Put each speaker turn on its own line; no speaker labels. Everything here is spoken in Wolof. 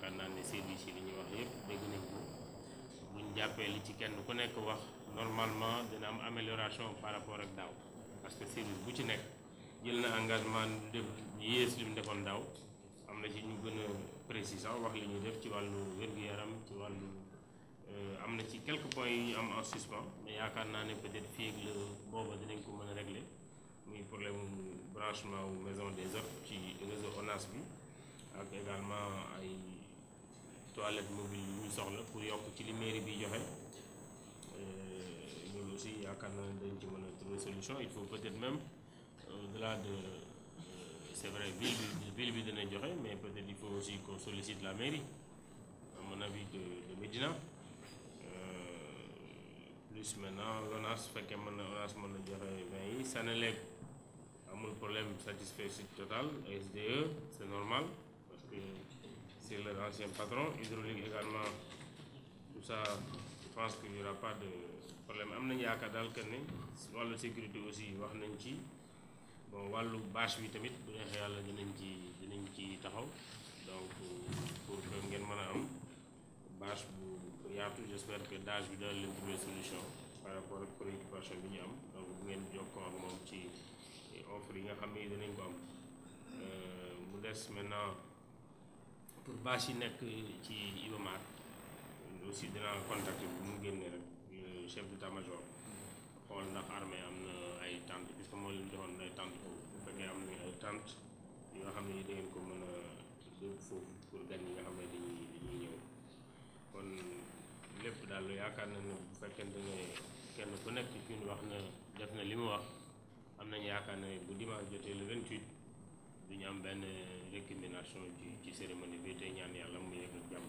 yaakaar naa ne service yi li ñuy wax yëpp dégg nañ ko buñ jàppee li ci kenn ku nekk wax normalement dina am amélioration par rapport ak daaw parce que service bu ci nekk jël na engagement def yées li mu defoon daaw am na ci ñu gën a précis wax li ñuy def ci wàllu wér yaram ci wàllu euh, am na ci quelque points yu am en suspens mais yaakaar naa ne peut-être fii ak le booba dinañ ko mën a régler muy problème branchement wu maison des hôtes ci réseau ONAS toilette mobile yu ñu soxla pour yokk ci li mairie bi joxe a euh, aussi yaakaar naa dañ ci mën a trouver solution il faut peut-être même au-delà de euh, c'est vrai ville bi ville bi dana joxe mais peut-être il faut aussi qu'on sollicite la mairie à mon avis de de euh, plus maintenant l'ONAS fekkee mën na ONAS mën na joxe vingt yi à amul problème satisfait totale total SDE c'est normal parce que c'est l'ancien patron. Hydraulique également, tout ça, je pense qu'il n'y aura pas de problème. am nañu yaakaar daal que ne wàllu sécurité aussi wax nañ ci bon wàllu bâche bi tamit bu neexee yàlla dinañ ci dinañ ci taxaw donc pour que ngeen mën un am bâche bu yaatu j'espère que dage bi donne une trouver solution par rapport la préoccupation bi ñu donc bu ngeen jokkoo ak moom ci offre yi nga xam dinañ ko am euh, mu des maintenant. pour bâche yi nekk ci Iba Mar aussi dinaa contacter bu mu génnee rek euh, chef d'état-major xool ndax armée am na ay tentes puisque moo leen joxoon ay tentes foofu fekkee am na ay tentes nga xam ni dangeen ko mën a yóbbu foofu pour gan yi nga xam ne ñëw kon lépp daal yaakaar na ne bu fekkente ne kenn ku nekk ci ñun wax na def na li mu wax am nañu yaakaar ne bu dimanche jotee le 28 du ñu am benn récumé délégation ci ci cérémonie bi tey ñaan yàlla mu yegg jàmm